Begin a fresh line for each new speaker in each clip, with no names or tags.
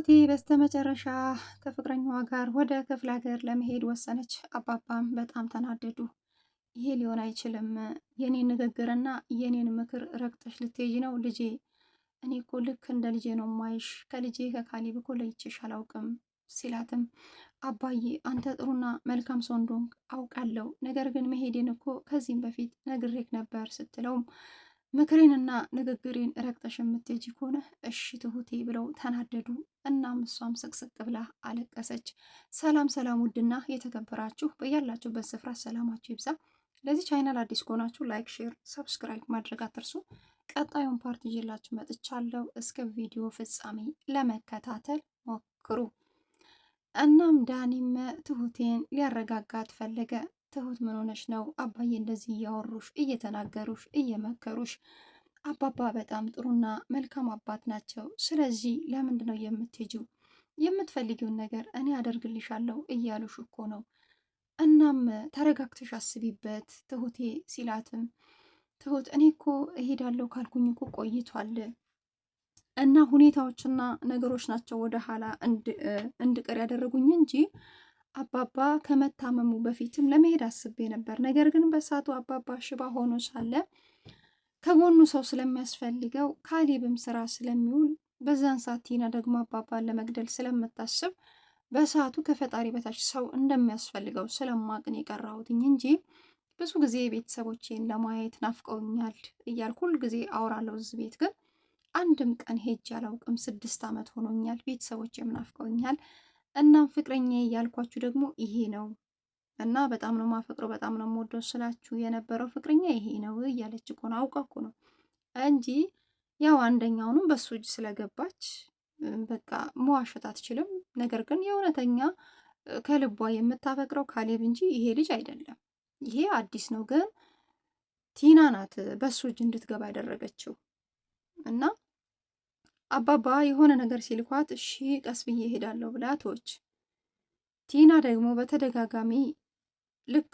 ትሁቴ በስተመጨረሻ ከፍቅረኛዋ ጋር ወደ ክፍለ ሀገር ለመሄድ ወሰነች። አባባም በጣም ተናደዱ። ይሄ ሊሆን አይችልም፣ የኔን ንግግርና የኔን ምክር ረግጠሽ ልትሄጂ ነው ልጄ። እኔ እኮ ልክ እንደ ልጄ ነው ማይሽ፣ ከልጄ ከካሊብ እኮ ለይቼሽ አላውቅም ሲላትም አባዬ አንተ ጥሩና መልካም ሰው እንደሆንክ አውቃለሁ፣ ነገር ግን መሄዴን እኮ ከዚህም በፊት ነግሬክ ነበር ስትለውም ምክሬንና ንግግሬን ረግጠሽ የምትሄጂ ከሆነ እሺ ትሁቴ ብለው ተናደዱ። እናም እሷም ስቅስቅ ብላ አለቀሰች። ሰላም ሰላም! ውድና የተከበራችሁ በያላችሁበት ስፍራ ሰላማችሁ ይብዛ። ለዚህ ቻይናል አዲስ ከሆናችሁ ላይክ፣ ሼር፣ ሰብስክራይብ ማድረግ አትርሱ። ቀጣዩን ፓርት ይዤላችሁ መጥቻለሁ። እስከ ቪዲዮ ፍጻሜ ለመከታተል ሞክሩ። እናም ዳኒም ትሁቴን ሊያረጋጋት ፈለገ። ትሁት ምን ነው አባዬ እንደዚህ እያወሩሽ እየተናገሩሽ እየመከሩሽ አባባ በጣም ጥሩና መልካም አባት ናቸው። ስለዚህ ለምንድን ነው የምትሄጂው? የምትፈልጊውን ነገር እኔ አደርግልሻለሁ እያሉሽ እኮ ነው። እናም ተረጋግተሽ አስቢበት ትሁቴ ሲላትም ትሁት እኔ እኮ እሄዳለሁ ካልኩኝ እኮ ቆይቷል እና ሁኔታዎችና ነገሮች ናቸው ወደ ኋላ እንድቀር ያደረጉኝ እንጂ አባባ ከመታመሙ በፊትም ለመሄድ አስቤ ነበር። ነገር ግን በሰዓቱ አባባ ሽባ ሆኖ ሳለ ከጎኑ ሰው ስለሚያስፈልገው ካሌብም ስራ ስለሚውል በዛን ሰዓት ቲና ደግሞ አባባን ለመግደል ስለምታስብ በሰዓቱ ከፈጣሪ በታች ሰው እንደሚያስፈልገው ስለማቅን የቀራሁትኝ እንጂ ብዙ ጊዜ ቤተሰቦቼን ለማየት ናፍቀውኛል እያልኩ ጊዜ አውራለሁ። እዚህ ቤት ግን አንድም ቀን ሄጅ አላውቅም። ስድስት ዓመት ሆኖኛል። ቤተሰቦቼም ናፍቀውኛል እናም ፍቅረኛ ያልኳችሁ ደግሞ ይሄ ነው እና በጣም ነው ማፈቅረው በጣም ነው ሞዶ ስላችሁ የነበረው ፍቅረኛ ይሄ ነው እያለች እኮ ነው አውቃ እኮ ነው እንጂ ያው አንደኛውንም በሱ እጅ ስለገባች በቃ መዋሸት አትችልም። ነገር ግን የእውነተኛ ከልቧ የምታፈቅረው ካሌብ እንጂ ይሄ ልጅ አይደለም። ይሄ አዲስ ነው፣ ግን ቲና ናት በሱ እጅ እንድትገባ ያደረገችው እና አባባ የሆነ ነገር ሲልኳት እሺ ቀስ ብዬ እሄዳለሁ ብላ ተወች። ቲና ደግሞ በተደጋጋሚ ልክ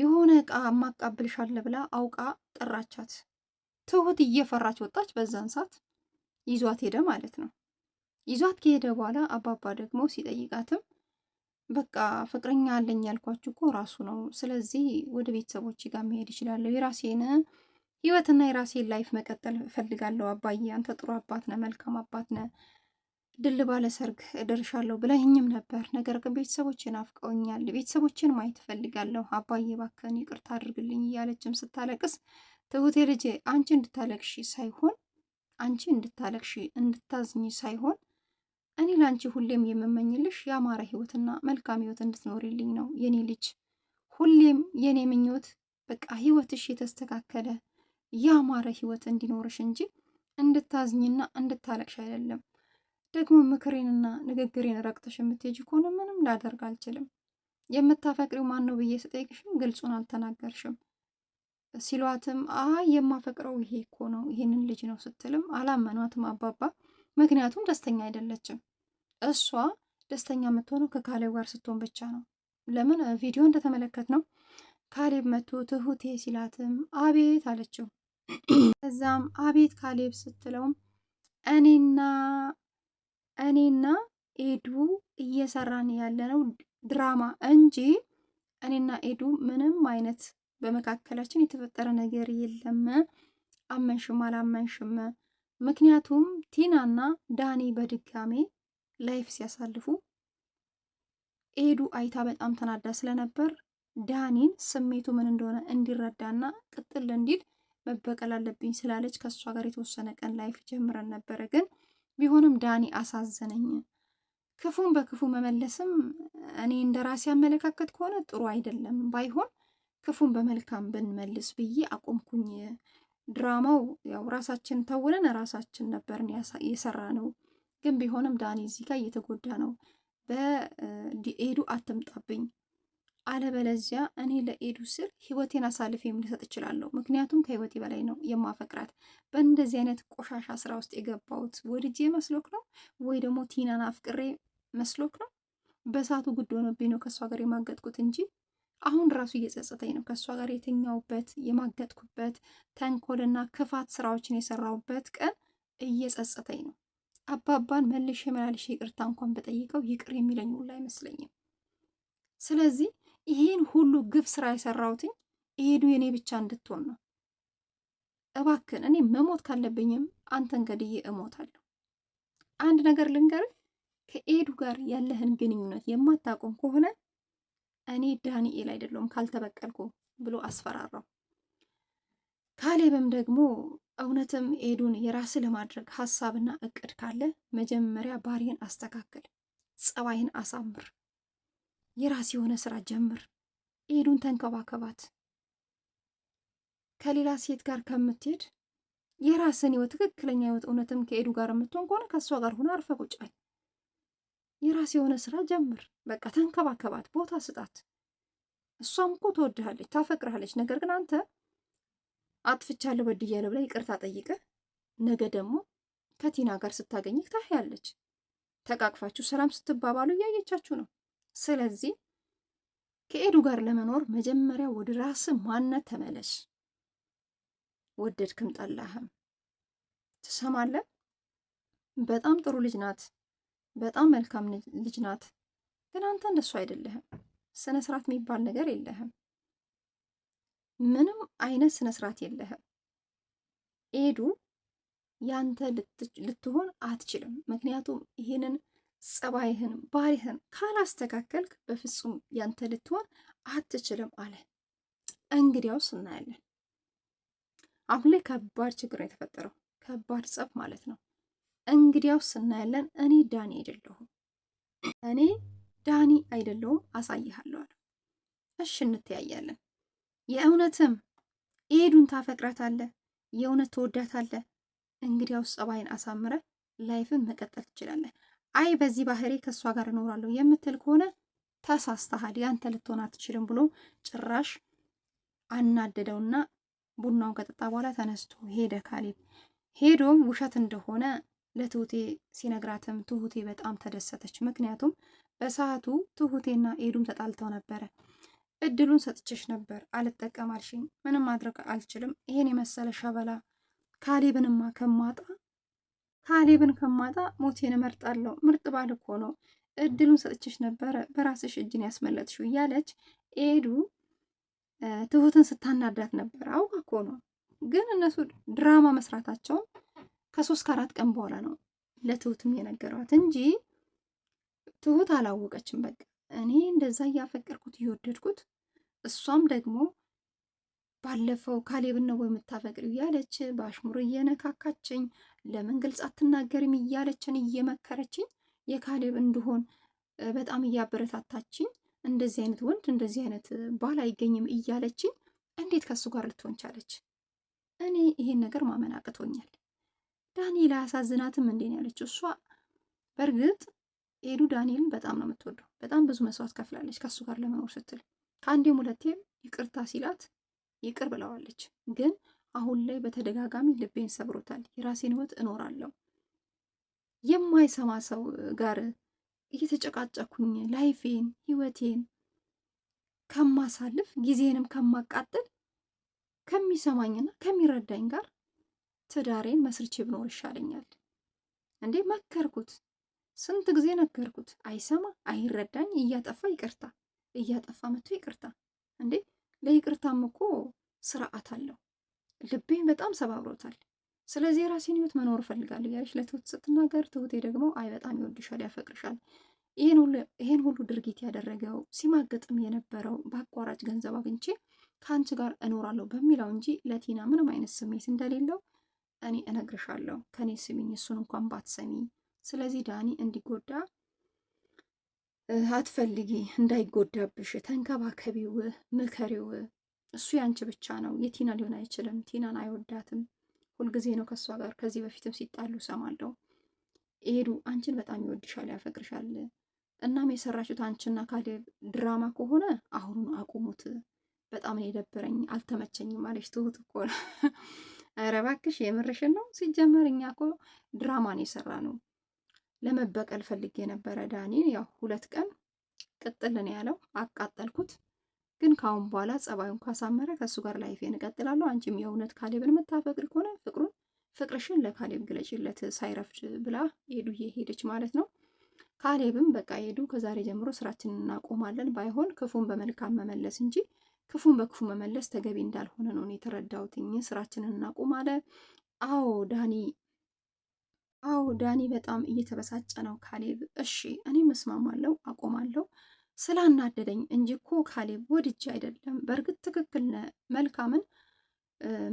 የሆነ እቃ ማቃብልሻለ ብላ አውቃ ጠራቻት። ትሁት እየፈራች ወጣች። በዛን ሰዓት ይዟት ሄደ ማለት ነው። ይዟት ከሄደ በኋላ አባባ ደግሞ ሲጠይቃትም በቃ ፍቅረኛ አለኝ ያልኳችሁ እኮ ራሱ ነው። ስለዚህ ወደ ቤተሰቦች ጋር መሄድ ይችላለሁ የራሴን ህይወትና የራሴን ላይፍ መቀጠል እፈልጋለሁ። አባዬ አንተ ጥሩ አባት ነህ፣ መልካም አባት ነህ። ድል ባለ ሰርግ እደርሻለሁ ብለህኝም ነበር። ነገር ግን ቤተሰቦችን አፍቀውኛል፣ ቤተሰቦችን ማየት እፈልጋለሁ። አባዬ እባክህን ይቅርታ አድርግልኝ እያለችም ስታለቅስ ትሁቴ ልጄ አንቺ እንድታለቅሺ ሳይሆን አንቺ እንድታለቅሺ እንድታዝኝ ሳይሆን እኔ ለአንቺ ሁሌም የምመኝልሽ የአማረ ህይወትና መልካም ህይወት እንድትኖሪልኝ ነው የኔ ልጅ። ሁሌም የኔ ምኞት በቃ ህይወትሽ የተስተካከለ ያማረ ህይወት እንዲኖርሽ እንጂ እንድታዝኝና እንድታለቅሽ አይደለም። ደግሞ ምክሬንና ንግግሬን ረግጠሽ የምትሄጂ ከሆነ ምንም ላደርግ አልችልም። የምታፈቅሪው ማን ነው ብዬ ስጠይቅሽም ግልጹን አልተናገርሽም ሲሏትም አይ የማፈቅረው ይሄ እኮ ነው ይሄንን ልጅ ነው ስትልም አላመኗትም አባባ። ምክንያቱም ደስተኛ አይደለችም። እሷ ደስተኛ የምትሆነው ከካሌብ ጋር ስትሆን ብቻ ነው። ለምን ቪዲዮ እንደተመለከት ነው ካሌብ መቶ ትሁቴ ሲላትም አቤት አለችው። ከዛም አቤት ካሌብ ስትለውም እኔና እኔና ኤዱ እየሰራን ያለነው ድራማ እንጂ እኔና ኤዱ ምንም አይነት በመካከላችን የተፈጠረ ነገር የለም፣ አመንሽም አላመንሽም። ምክንያቱም ቲናና ዳኒ በድጋሜ ላይፍ ሲያሳልፉ ኤዱ አይታ በጣም ተናዳ ስለነበር ዳኒን ስሜቱ ምን እንደሆነ እንዲረዳና ቅጥል እንዲል መበቀል አለብኝ ስላለች ከእሷ ጋር የተወሰነ ቀን ላይፍ ጀምረን ነበረ። ግን ቢሆንም ዳኒ አሳዘነኝ። ክፉን በክፉ መመለስም እኔ እንደ ራሴ አመለካከት ከሆነ ጥሩ አይደለም። ባይሆን ክፉን በመልካም ብንመልስ ብዬ አቆምኩኝ። ድራማው ያው ራሳችን ተውነን ራሳችን ነበርን የሰራ ነው። ግን ቢሆንም ዳኒ እዚህ ጋር እየተጎዳ ነው። በኤዱ አትምጣብኝ አለበለዚያ እኔ ለኤዱ ስል ህይወቴን አሳልፌ ልሰጥ እችላለሁ። ምክንያቱም ከህይወቴ በላይ ነው የማፈቅራት። በእንደዚህ አይነት ቆሻሻ ስራ ውስጥ የገባሁት ወድጄ መስሎክ ነው ወይ ደግሞ ቲናን አፍቅሬ መስሎክ ነው? በሳቱ ጉድ ሆኖብኝ ነው ከእሷ ጋር የማገጥኩት እንጂ አሁን ራሱ እየጸጸተኝ ነው ከእሷ ጋር የተኛውበት የማገጥኩበት ተንኮልና ክፋት ስራዎችን የሰራውበት ቀን እየጸጸተኝ ነው። አባባን መልሼ መላልሼ ይቅርታ እንኳን በጠይቀው ይቅር የሚለኝ ሁላ አይመስለኝም። ስለዚህ ይህን ሁሉ ግፍ ስራ የሰራሁትኝ ኤዱ የኔ ብቻ እንድትሆን ነው። እባክን እኔ መሞት ካለብኝም አንተ ገድዬ እሞታለሁ። አንድ ነገር ልንገርህ፣ ከኤዱ ጋር ያለህን ግንኙነት የማታቆም ከሆነ እኔ ዳንኤል አይደለሁም ካልተበቀልኩ ብሎ አስፈራራው። ካሌብም ደግሞ እውነትም ኤዱን የራስ ለማድረግ ሀሳብና እቅድ ካለ መጀመሪያ ባህሪህን አስተካክል፣ ጸባይን አሳምር የራስ የሆነ ስራ ጀምር፣ ኤዱን ተንከባከባት። ከሌላ ሴት ጋር ከምትሄድ የራስን ህይወት፣ ትክክለኛ ህይወት እውነትም ከኤዱ ጋር የምትሆን ከሆነ ከእሷ ጋር ሆነ አርፈ ቁጭ በል። የራስ የሆነ ስራ ጀምር፣ በቃ ተንከባከባት፣ ቦታ ስጣት። እሷም እኮ ትወድሃለች፣ ታፈቅርሃለች። ነገር ግን አንተ አጥፍቻለሁ፣ በድያለሁ ብላ ይቅርታ ጠይቀ ነገ ደግሞ ከቲና ጋር ስታገኝህ ታያለች። ተቃቅፋችሁ ሰላም ስትባባሉ እያየቻችሁ ነው። ስለዚህ ከኤዱ ጋር ለመኖር መጀመሪያ ወደ ራስ ማንነት ተመለስ። ወደድክም ጠላህም ትሰማለህ። በጣም ጥሩ ልጅ ናት፣ በጣም መልካም ልጅ ናት። ግን አንተ እንደሱ አይደለህም። ስነ ስርዓት የሚባል ነገር የለህም። ምንም አይነት ስነ ስርዓት የለህም። ኤዱ ያንተ ልትሆን አትችልም። ምክንያቱም ይህንን ጸባይህን ባህሪህን ካላስተካከልክ በፍጹም ያንተ ልትሆን አትችልም አለ። እንግዲያውስ እናያለን። አሁን ላይ ከባድ ችግር ነው የተፈጠረው፣ ከባድ ጸብ ማለት ነው። እንግዲያውስ እናያለን። እኔ ዳኒ አይደለሁም፣ እኔ ዳኒ አይደለሁም አሳይሃለሁ አለ። እሺ እንተያያለን። የእውነትም ኤዱን ታፈቅራታለህ፣ የእውነት ትወዳታለህ። እንግዲያውስ ጸባይን አሳምረ ላይፍን መቀጠል ትችላለህ። አይ በዚህ ባህሪ ከእሷ ጋር እኖራለሁ የምትል ከሆነ ተሳስተሃል፣ ያንተ ልትሆን አትችልም ብሎ ጭራሽ አናደደውና ቡናውን ከጠጣ በኋላ ተነስቶ ሄደ። ካሌብ ሄዶም ውሸት እንደሆነ ለትሁቴ ሲነግራትም ትሁቴ በጣም ተደሰተች። ምክንያቱም በሰዓቱ ትሁቴና ኤዱም ተጣልተው ነበረ። እድሉን ሰጥችሽ ነበር አልጠቀም አልሽኝ፣ ምንም ማድረግ አልችልም። ይሄን የመሰለ ሸበላ ካሌብንማ ከማጣ ካሌብን ከማጣ ሞቴን እመርጣለሁ። ምርጥ ባል እኮ ነው። እድሉን ሰጥችሽ ነበረ፣ በራስሽ እጅን ያስመለጥሽው እያለች ኤዱ ትሁትን ስታናዳት ነበረ አውቃ እኮ ነው። ግን እነሱ ድራማ መስራታቸው ከሶስት ከአራት ቀን በኋላ ነው ለትሁትም የነገሯት እንጂ ትሁት አላወቀችም። በቃ እኔ እንደዛ እያፈቀርኩት እየወደድኩት እሷም ደግሞ ባለፈው ካሌብን ነው የምታፈቅሪው እያለች በአሽሙር እየነካካችኝ ለምን ግልጽ አትናገርም እያለችን እየመከረችኝ የካሌብ እንድሆን በጣም እያበረታታችኝ እንደዚህ አይነት ወንድ እንደዚህ አይነት ባል አይገኝም እያለችኝ እንዴት ከሱ ጋር ልትሆን ቻለች? እኔ ይሄን ነገር ማመን አቅቶኛል። ዳንኤል አያሳዝናትም እንዴ ነው ያለችው እሷ። በእርግጥ ኤዱ ዳንኤልን በጣም ነው የምትወደው። በጣም ብዙ መስዋዕት ከፍላለች ከሱ ጋር ለመኖር ስትል። ከአንዴም ሁለቴም ይቅርታ ሲላት ይቅር ብለዋለች። ግን አሁን ላይ በተደጋጋሚ ልቤን ሰብሮታል። የራሴን ህይወት እኖራለሁ። የማይሰማ ሰው ጋር እየተጨቃጨኩኝ ላይፌን ህይወቴን ከማሳልፍ ጊዜንም ከማቃጥል ከሚሰማኝና ከሚረዳኝ ጋር ትዳሬን መስርቼ ብኖር ይሻለኛል። እንዴ መከርኩት፣ ስንት ጊዜ ነገርኩት። አይሰማ አይረዳኝ። እያጠፋ ይቅርታ፣ እያጠፋ መጥቶ ይቅርታ። እንዴ ለይቅርታም እኮ ስርዓት አለው። ልቤን በጣም ሰባብሮታል። ስለዚህ የራሴን ህይወት መኖር እፈልጋለሁ እያለች ለትሁት ስትናገር፣ ትሁቴ ደግሞ አይ በጣም ይወድሻል፣ ያፈቅርሻል ይህን ሁሉ ድርጊት ያደረገው ሲማገጥም የነበረው በአቋራጭ ገንዘብ አግኝቼ ከአንቺ ጋር እኖራለሁ በሚለው እንጂ ለቲና ምንም አይነት ስሜት እንደሌለው እኔ እነግርሻለሁ። ከኔ ስሚኝ፣ እሱን እንኳን ባትሰሚ። ስለዚህ ዳኒ እንዲጎዳ አትፈልጊ፣ እንዳይጎዳብሽ ተንከባከቢው፣ ምከሪው እሱ ያንቺ ብቻ ነው። የቲና ሊሆን አይችልም። ቲናን አይወዳትም። ሁልጊዜ ነው ከእሷ ጋር። ከዚህ በፊትም ሲጣሉ ሰማለው ኤዱ አንቺን በጣም ይወድሻል፣ ያፈቅርሻል። እናም የሰራችሁት አንቺና ካሌብ ድራማ ከሆነ አሁኑን አቁሙት። በጣም ነው የደበረኝ፣ አልተመቸኝም አለች ትሁት እኮ ኧረ እባክሽ የምርሽን ነው? ሲጀመር እኛ እኮ ድራማን የሰራ ነው ለመበቀል ፈልጌ የነበረ ዳኒን ያው ሁለት ቀን ቅጥልን ያለው አቃጠልኩት። ግን ከአሁን በኋላ ጸባዩን ካሳመረ ከእሱ ጋር ላይፌ እንቀጥላለሁ፣ አንቺም የእውነት ካሌብን የምታፈቅድ ከሆነ ፍቅሩን ፍቅርሽን ለካሌብ ግለጭለት ሳይረፍድ ብላ ሄዱ ሄደች ማለት ነው። ካሌብም በቃ ሄዱ ከዛሬ ጀምሮ ስራችንን እናቆማለን፣ ባይሆን ክፉን በመልካም መመለስ እንጂ ክፉን በክፉ መመለስ ተገቢ እንዳልሆነ ነው የተረዳሁትኝ። ስራችንን እናቆም አለ። አዎ ዳኒ አዎ ዳኒ በጣም እየተበሳጨ ነው ካሌብ። እሺ እኔም እስማማለሁ፣ አቆማለሁ ስላናደደኝ እንጂ እኮ ካሌብ ወድጄ አይደለም። በእርግጥ ትክክል ነህ። መልካምን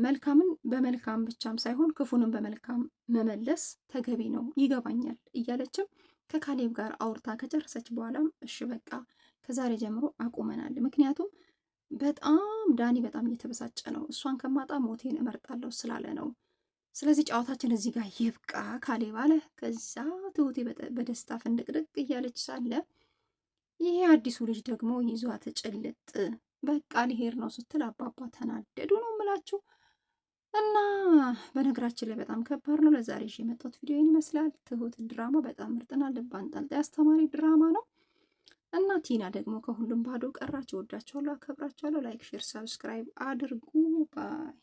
መልካምን በመልካም ብቻም ሳይሆን ክፉንም በመልካም መመለስ ተገቢ ነው፣ ይገባኛል እያለችም ከካሌብ ጋር አውርታ ከጨረሰች በኋላም እሺ በቃ ከዛሬ ጀምሮ አቁመናል። ምክንያቱም በጣም ዳኒ በጣም እየተበሳጨ ነው። እሷን ከማጣ ሞቴን እመርጣለሁ ስላለ ነው። ስለዚህ ጨዋታችን እዚህ ጋር ይብቃ ካሌብ አለ። ከዛ ትሁቴ በደስታ ፍንድቅድቅ እያለች ሳለ ይሄ አዲሱ ልጅ ደግሞ ይዟት ጭልጥ በቃ ሊሄድ ነው ስትል አባባ ተናደዱ ነው ምላችሁ። እና በነገራችን ላይ በጣም ከባድ ነው። ለዛሬ ይዤ የመጣሁት ቪዲዮን ይመስላል። ትሁት ድራማ በጣም ምርጥና ልብ አንጠልጣይ አስተማሪ ድራማ ነው እና ቲና ደግሞ ከሁሉም ባዶ ቀራችሁ። ወዳችኋለሁ፣ አከብራችኋለሁ። ላይክ፣ ሼር፣ ሰብስክራይብ አድርጉ ባይ